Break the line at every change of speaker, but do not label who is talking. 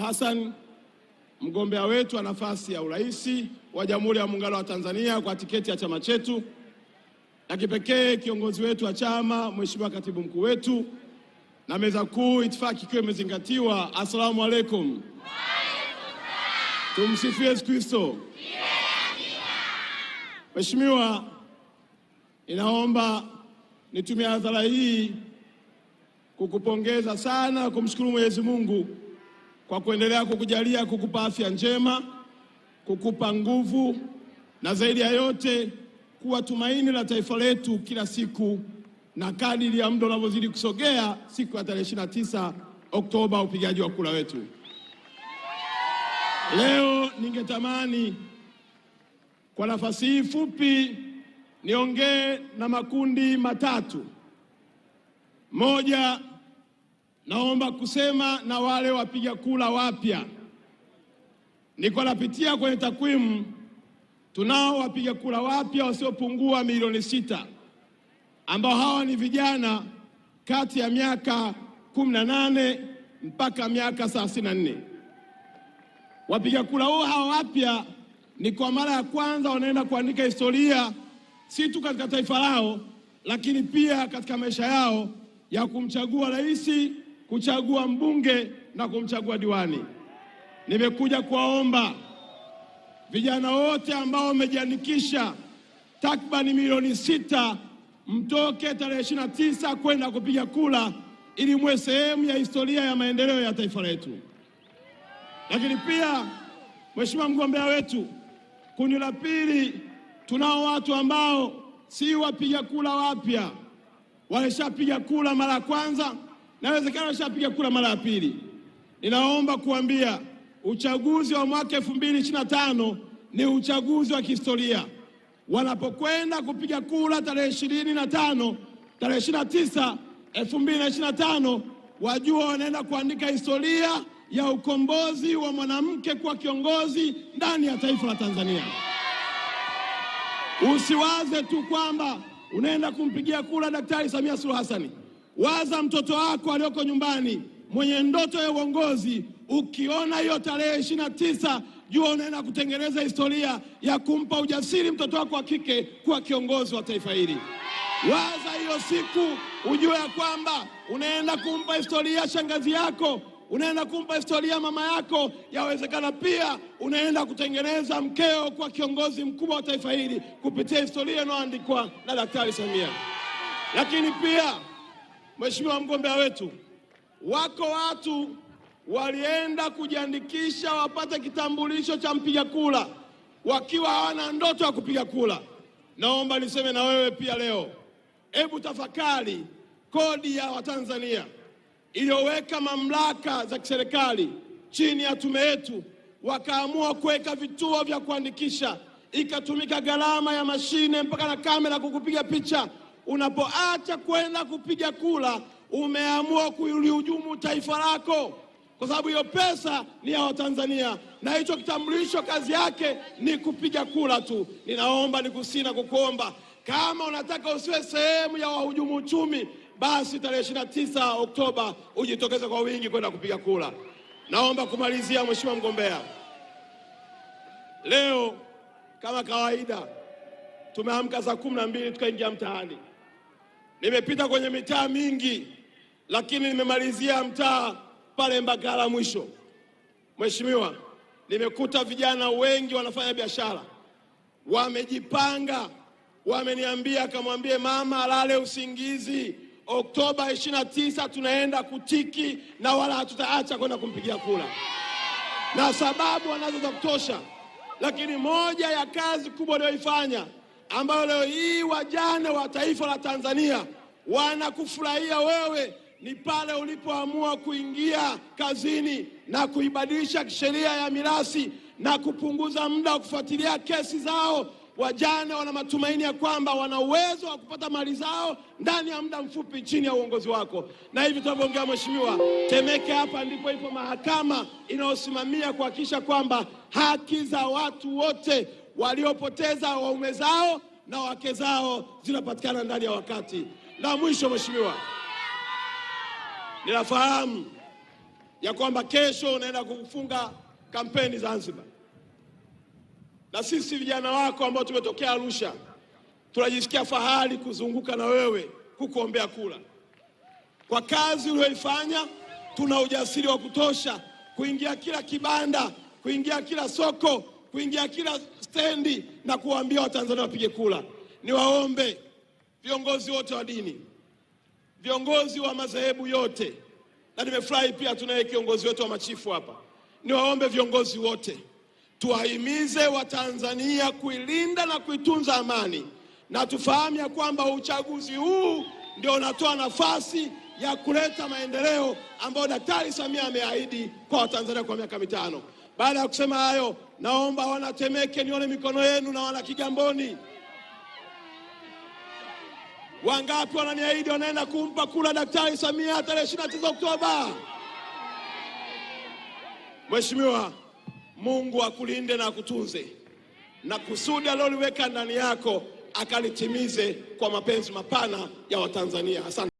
Hassan mgombea wetu wa nafasi ya urais wa Jamhuri ya Muungano wa Tanzania kwa tiketi ya chama chetu, na kipekee kiongozi wetu wa chama Mheshimiwa Katibu Mkuu wetu na meza kuu, itifaki ikiwa imezingatiwa. Assalamu alaikum, tumsifie Yesu Kristo. Mheshimiwa, ninaomba nitumie hadhara hii kukupongeza sana, kumshukuru Mwenyezi Mungu kwa kuendelea kukujalia, kukupa afya njema, kukupa nguvu na zaidi ya yote kuwa tumaini la taifa letu kila siku, na kadiri ya muda unavyozidi kusogea, siku ya tarehe 29 Oktoba, upigaji wa kura wetu. Leo ningetamani kwa nafasi hii fupi niongee na makundi matatu. Moja Naomba kusema na wale wapiga kula wapya. Niko napitia kwenye takwimu, tunao wapiga kula wapya wasiopungua milioni sita ambao hawa ni vijana kati ya miaka 18 mpaka miaka 34. Wapiga kula huo hawa wapya ni kwa mara ya kwanza wanaenda kuandika historia, si tu katika taifa lao, lakini pia katika maisha yao ya kumchagua rais kuchagua mbunge na kumchagua diwani. Nimekuja kuwaomba vijana wote ambao wamejiandikisha takribani milioni sita mtoke tarehe ishirini na tisa kwenda kupiga kura ili muwe sehemu ya historia ya maendeleo ya taifa letu. Lakini pia mheshimiwa mgombea wetu, kundi la pili, tunao watu ambao si wapiga kura wapya, walishapiga kura mara ya kwanza Nawezekana ashapiga kura mara ya pili. Ninaomba kuambia uchaguzi wa mwaka tano ni uchaguzi wa kihistoria. Wanapokwenda kupiga kura tarehe tano tarehe 29, 2025 wajua wanaenda kuandika historia ya ukombozi wa mwanamke kuwa kiongozi ndani ya taifa la Tanzania. Usiwaze tu kwamba unaenda kumpigia kura Daktari Samia Suluhu Hassani. Waza mtoto wako alioko nyumbani mwenye ndoto ya uongozi. Ukiona hiyo tarehe ishirini na tisa jua unaenda kutengeneza historia ya kumpa ujasiri mtoto wako wa kike kuwa kiongozi wa taifa hili. Waza hiyo siku, ujue ya kwamba unaenda kumpa historia shangazi yako, unaenda kumpa historia mama yako. Yawezekana pia unaenda kutengeneza mkeo kuwa kiongozi mkubwa wa taifa hili kupitia historia inayoandikwa na Daktari Samia, lakini pia Mheshimiwa mgombea wetu, wako watu walienda kujiandikisha wapate kitambulisho cha mpiga kura wakiwa hawana ndoto ya kupiga kura. Naomba niseme na wewe pia leo, hebu tafakari kodi ya Watanzania iliyoweka mamlaka za kiserikali chini ya tume yetu, wakaamua kuweka vituo vya kuandikisha, ikatumika gharama ya mashine mpaka na kamera kukupiga picha unapoacha kwenda kupiga kula umeamua kulihujumu taifa lako, kwa sababu hiyo pesa ni ya Watanzania na hicho kitambulisho kazi yake ni kupiga kula tu. Ninaomba nikusii na kukuomba kama unataka usiwe sehemu ya wahujumu uchumi, basi tarehe 29 Oktoba ujitokeze kwa wingi kwenda kupiga kula Naomba kumalizia, mheshimiwa mgombea, leo kama kawaida tumeamka saa kumi na mbili tukaingia mtaani. Nimepita kwenye mitaa mingi, lakini nimemalizia mtaa pale Mbagala mwisho. Mheshimiwa, nimekuta vijana wengi wanafanya biashara, wamejipanga, wameniambia akamwambie mama alale usingizi, Oktoba 29 tunaenda kutiki na wala hatutaacha kwenda kumpigia kura, na sababu wanazo za kutosha, lakini moja ya kazi kubwa walioifanya ambayo leo hii wajane wa taifa la Tanzania wanakufurahia wewe ni pale ulipoamua kuingia kazini na kuibadilisha sheria ya mirathi na kupunguza muda wa kufuatilia kesi zao. Wajane wana matumaini ya kwamba wana uwezo wa kupata mali zao ndani ya muda mfupi chini ya uongozi wako. Na hivi tunavyoongea, Mheshimiwa, Temeke hapa ndipo ipo mahakama inayosimamia kuhakikisha kwamba haki za watu wote waliopoteza waume zao na wake zao zinapatikana ndani ya wakati. La mwisho mheshimiwa, ninafahamu ya kwamba kesho unaenda kufunga kampeni Zanzibar, na sisi vijana wako ambao tumetokea Arusha tunajisikia fahari kuzunguka na wewe kukuombea kura. Kwa kazi uliyoifanya, tuna ujasiri wa kutosha kuingia kila kibanda, kuingia kila soko, kuingia kila stendi na kuwaambia Watanzania wapige kura. Niwaombe viongozi wote wa dini, viongozi wa madhehebu yote, na nimefurahi pia tunaye kiongozi wetu wa machifu hapa. Niwaombe viongozi wote tuwahimize Watanzania kuilinda na kuitunza amani, na tufahamu ya kwamba uchaguzi huu ndio unatoa nafasi ya kuleta maendeleo ambayo Daktari Samia ameahidi kwa Watanzania kwa miaka mitano. Baada ya kusema hayo, naomba wanatemeke nione mikono yenu na wana Kigamboni. Wangapi wananiahidi wanaenda kumpa kura Daktari Samia tarehe 29 Oktoba? Mheshimiwa, Mungu akulinde na akutunze na kusudi aliloliweka ndani yako akalitimize kwa mapenzi mapana ya Watanzania. Asante.